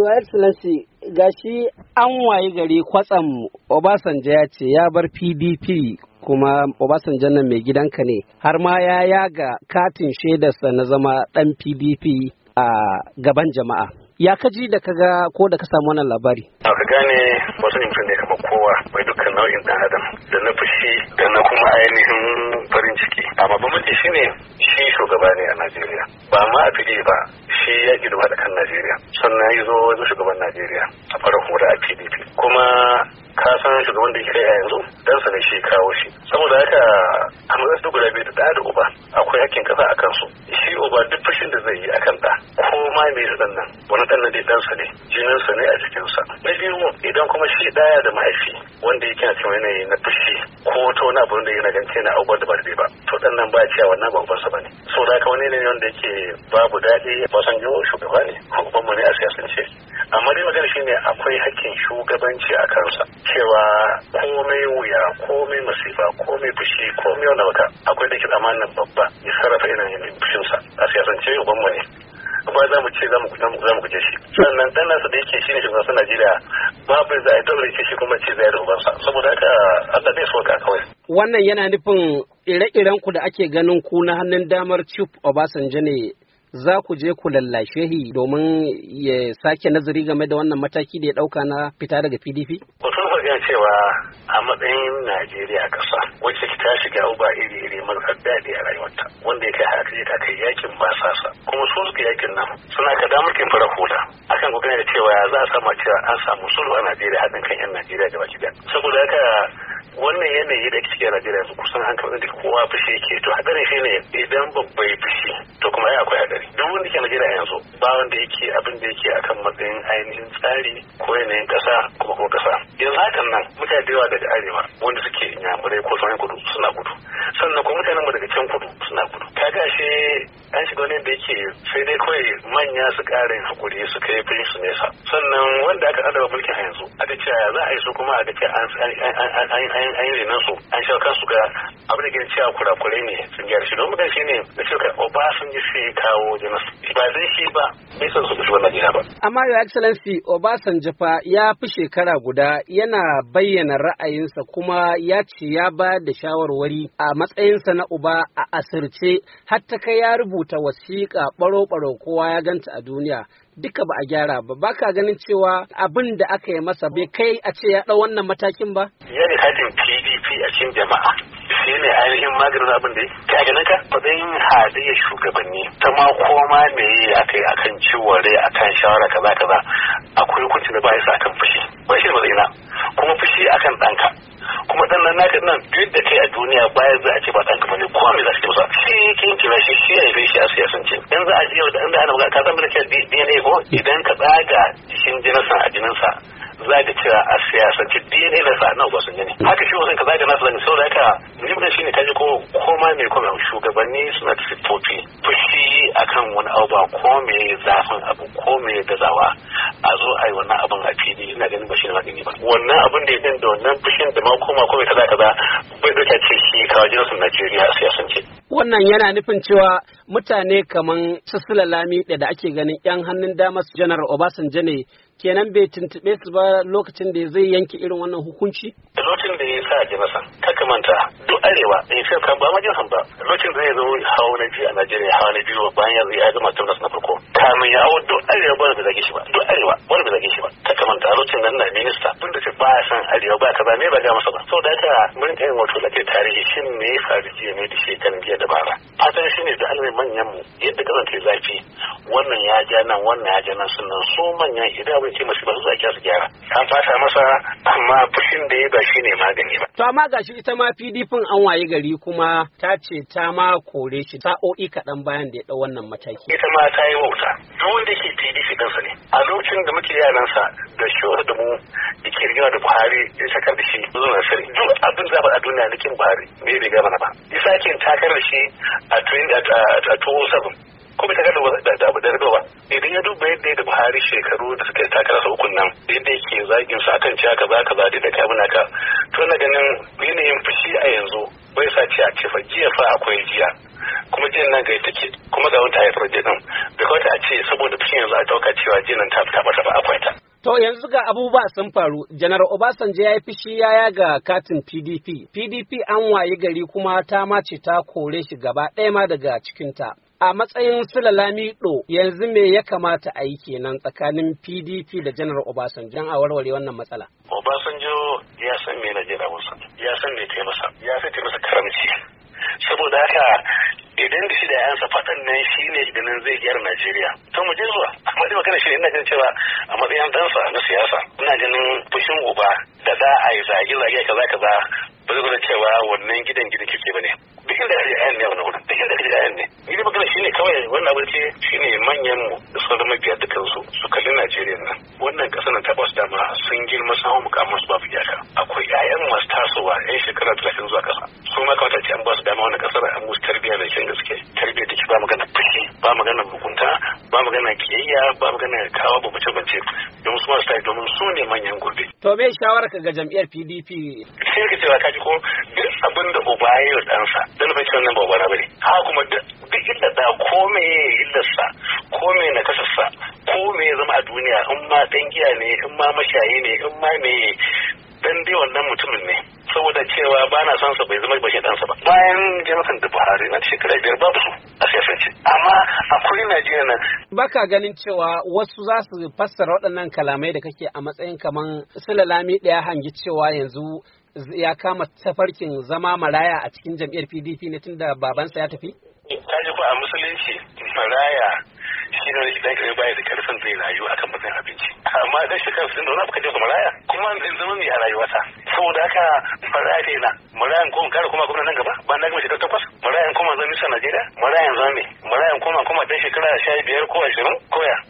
Your Excellency, gashi an wayi gari kwatsam Obasanjo ya ce ya bar PDP kuma Obasanjo nan mai gidanka ne, har ma ya yaga katin shaidarsa na zama ɗan PDP a gaban jama'a. ya kaji da ka ga ko da ka samu wannan labari a ka gane wasu mutum ne kama kowa mai dukkan nau'in dan adam da na fushi da na kuma ainihin farin ciki amma bambanci shine shi shugaba ne a Najeriya ba ma a ba shi ya ki da kan Najeriya sannan ya zo wajen shugaban Najeriya a farar hura a PDP kuma ka san shugaban da kai a yanzu dan sa ne shi kawo shi saboda haka a matsayin guda biyu da da uba akwai hakkin kasa a ɗansa ne jininsa ne a jikinsa na biyu idan kuma shi ɗaya da mahaifi wanda yake na cikin yanayi na fushi ko to wani abu da yana ganin na abubuwan da ba da ba to ɗan nan ba cewa wannan babban sa ba ne so da ka wani ne wanda yake babu daɗi ba san yi shugaba ne ko ubanmu ne a siyasance amma dai magana shine akwai hakkin shugabanci a kansa cewa komai wuya komai masifa komai fushi komai wani wata akwai da ke babba ya sarrafa yanayin fushinsa a siyasance ubanmu ne ba za mu ce za mu za mu guje shi sannan dan nasa da yake shine shugaban sa Najeriya bai za a dole shi kuma ce zai rubar sa saboda haka Allah bai soka kawai wannan yana nufin ire-iren ku da ake ganin ku na hannun damar Chief Obasanjo ne za ku je ku lallashe domin ya sake nazari game da wannan mataki da ya dauka na fita daga PDP cewa a matsayin Najeriya ƙasa wacce ta shiga uba iri-iri marar daɗi a rayuwarta wanda ya kai haka ya kai yakin ba sasa kuma su suka yakin nan suna ka damar kin fara hula akan kokarin da cewa za a sama cewa an samu sulhu a Najeriya haɗin kan 'yan Najeriya da baki saboda haka wannan yanayi da ke a Najeriya su kusan hankalin da kowa fushi yake to hadarin shi ne idan babba fushi to kuma ya akwai hadari duk wanda ke Najeriya yanzu ba wanda yake abin da yake akan matsayin ainihin tsari ko yanayin kasa kuma kuma kasa yanzu hakan nan mutane da yawa daga arewa wanda suke nyamurai ko sauran kudu suna gudu sannan kuma mutanen mu daga can kudu suna gudu kaga shi shiga wani da yake sai dai kawai manya su ƙara yin hakuri su kai fili su nesa sannan wanda aka adaba mulkin a yanzu aka ce za a yi su kuma aka ce an yi renon su an shi kansu ga abin da ke cewa kurakure ne sun gyara shi don magana shi ne da cewa yi sai kawo jamus ba zai shi ba bai san su shi wannan gida ba. Amma Your Excellency Obasanjo fa ya fi shekara guda yana bayyana ra'ayinsa kuma ya ce ya ba da shawarwari a matsayinsa na uba a asirce har ta kai ya rubuta wasiƙa baro-baro kowa ya ganta a duniya duka ba a gyara ba ba ka ganin cewa abin da aka yi masa bai kai a ce ya ɗau wannan matakin ba? ne haɗin PDP a cikin jama'a shi ne ainihin maganin abin da ke a ganin ka kudin hadayyar shugabanni ta ma koma me yi a kai akan ciwo rai akan shawara kaza kaza akwai hukuncin da ba ya sa akan fushi ba shi ne na. na naka nan duk da kai a duniya baya za a ce ba ɗanka bane ko me za su ce masa shi yake yin kira shi shi ya yi shi a ce in za a ce yau da inda ana magana ka san barkar DNA ko idan ka tsaga jikin jininsa a jininsa za ka cewa a siyasance DNA na sa nan gwasan ne haka shi wasan ka zaga nasu zanga saboda haka muhimmin shi ne kaji ko koma mai kuma shugabanni suna da siffofi fushi akan wani abu ba ko zafin abu ko me gazawa yi wannan abin a fili ina ganin ba shi magani ba wannan abin da ya da wannan fushin da ma koma komai kaza kaza bai dauka ce shi kawo jinsin Najeriya a siyasance. Wannan yana nufin cewa mutane kaman Sisila Lami da ake ganin 'yan hannun damar Janar Obasanjo ne kenan bai tuntube su ba lokacin da zai yanke irin wannan hukunci? Lokacin da ya sa a masa kaka manta duk arewa in eh, sai ba majin ba lokacin da ya zo hawa na biyu a Najeriya hawa na biyu bayan ya zai ya zama tabbas na farko kamun ya hau duk arewa ba da zage shi ba duk arewa ba da zage shi ba ta kamanta a lokacin nan na minista tun da ce ba ya san arewa ba kaza me ba ga masa ba da ta mun kai wato ke tarihi shin me ya faru jiya ne da shekaran biyar da bara fatan shi ne da alwai manyan mu yadda kasance zafi wannan ya ja nan wannan ya ja nan sannan su manyan idan abin ce masu ba su zaki su gyara an fata masa amma fushin da ya ba shi ne magani ba. to amma gashi ita ma pdp an waye gari kuma ta ce ta ma kore shi sa'o'i kaɗan bayan da ya ɗau wannan mataki. ita ma ta yi wauta duk wanda ke pdp ɗansa ne a lokacin da muke sa da shawar da mu ke rigima da buhari da sakar da shi zuwa sani duk abin zaba a duniya na kin buhari bai riga mana ba ya sake takar da shi a 2007 Kuma ta takar da da da ba idan ya duba yadda da Buhari shekaru da suka takara sau ukun nan yadda yake zagin su akan cewa kaza kaza da da kabuna ka to na ganin yanayin fushi a yanzu bai sa ce a ce fa jiya fa akwai jiya kuma jiyan nan ga take kuma ga wata haifar jiyan da kawai a ce saboda fushin yanzu a dauka cewa jiyan nan ta fita ba akwai ta To yanzu ga abubuwa sun faru, Janar Obasanjo ya yi fishi yaya ga katin PDP. PDP an wayi gari kuma ta mace ta kore shi gaba ɗaya ma daga cikinta. a matsayin sulalamido yanzu me ya kamata a yi kenan tsakanin PDP da Janar Obasanjo don a warware wannan matsala. Obasanjo ya san me na jira masa, ya san me ta ya san ta karamci. Saboda haka idan da shi da yansa faɗan nan shi ne ganin zai gyara Najeriya. To mu je zuwa, amma dai magana shi ne ina ganin cewa a matsayin dansa na siyasa, ina ganin fushin uba da za a yi zage-zage kaza-kaza ba zai cewa wannan gidan gidan kirki ba ne bikin da ya ayan ne wannan wurin bikin da ya ayan ne ni magana ne kawai wannan abin ce ne manyan mu da sauran mabiya da su su kalli Najeriya nan wannan kasar na ta ba su dama sun girma sun hau su babu iyaka akwai ayan masu tasowa yan shekara talatin zuwa kasa su ma kawata ce an ba su dama wannan kasar an musu tarbiyya da kyan gaske tarbiyya da ke ba magana fushi ba magana mugunta ba magana kiyayya ba magana kawo babace bace su ne manyan gobe. To me shawara ka ga jam'iyyar PDP? Sai ka cewa kaji ko duk abin da uba ya yi wa ɗansa, dan bai wannan ba wani bane. Ha kuma duk inda da komai ya illarsa, ko komai na kasarsa, komai ya zama a duniya in ma ɗan giya ne, in ma mashayi ne, in ma me dan dai wannan mutumin ne. saboda cewa ba na son sa bai zama bashin ɗansa ba bayan jamakan da buhari na shekara biyar ba akwai Najeriya nan. Baka ganin cewa wasu za su fassara waɗannan kalamai da kake a matsayin kaman sulalami ɗaya hangi cewa yanzu ya kama tafarkin zama maraya a cikin jam'iyyar PDP ne tunda babansa ya tafi? Ka eh, ji a musulunci maraya injiniyoyi idan ka baya da karfin zai rayu akan matsayin abinci amma dan shekara sun da wani abu ka je maraya kuma in zama mai a rayuwarsa saboda haka maraya ne na marayan ko kara kuma gwamnati nan gaba ba na gama shekara takwas marayan kuma zan nisa Najeriya marayan zame marayan kuma kuma dan shekara sha biyar ko ashirin koya